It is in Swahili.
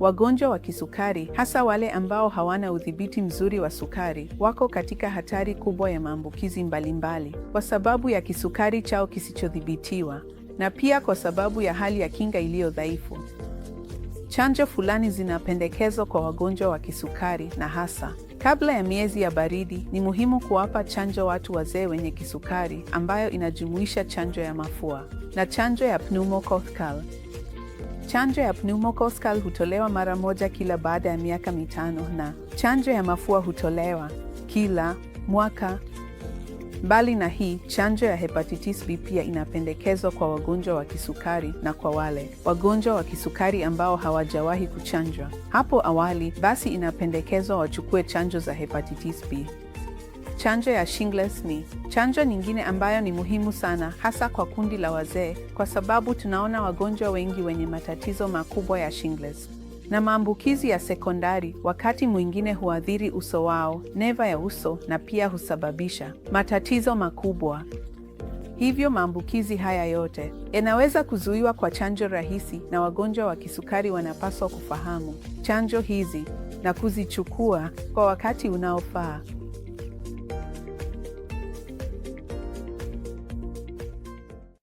Wagonjwa wa kisukari, hasa wale ambao hawana udhibiti mzuri wa sukari, wako katika hatari kubwa ya maambukizi mbalimbali kwa sababu ya kisukari chao kisichodhibitiwa na pia kwa sababu ya hali ya kinga iliyo dhaifu. Chanjo fulani zinapendekezwa kwa wagonjwa wa kisukari, na hasa kabla ya miezi ya baridi, ni muhimu kuwapa chanjo watu wazee wenye kisukari, ambayo inajumuisha chanjo ya mafua na chanjo ya pneumococcal. Chanjo ya pneumococcal hutolewa mara moja kila baada ya miaka mitano na chanjo ya mafua hutolewa kila mwaka. Mbali na hii, chanjo ya hepatitis B pia inapendekezwa kwa wagonjwa wa kisukari na kwa wale wagonjwa wa kisukari ambao hawajawahi kuchanjwa hapo awali, basi inapendekezwa wachukue chanjo za hepatitis B chanjo ya shingles ni chanjo nyingine ambayo ni muhimu sana, hasa kwa kundi la wazee, kwa sababu tunaona wagonjwa wengi wenye matatizo makubwa ya shingles na maambukizi ya sekondari, wakati mwingine huathiri uso wao, neva ya uso, na pia husababisha matatizo makubwa. Hivyo maambukizi haya yote yanaweza kuzuiwa kwa chanjo rahisi, na wagonjwa wa kisukari wanapaswa kufahamu chanjo hizi na kuzichukua kwa wakati unaofaa.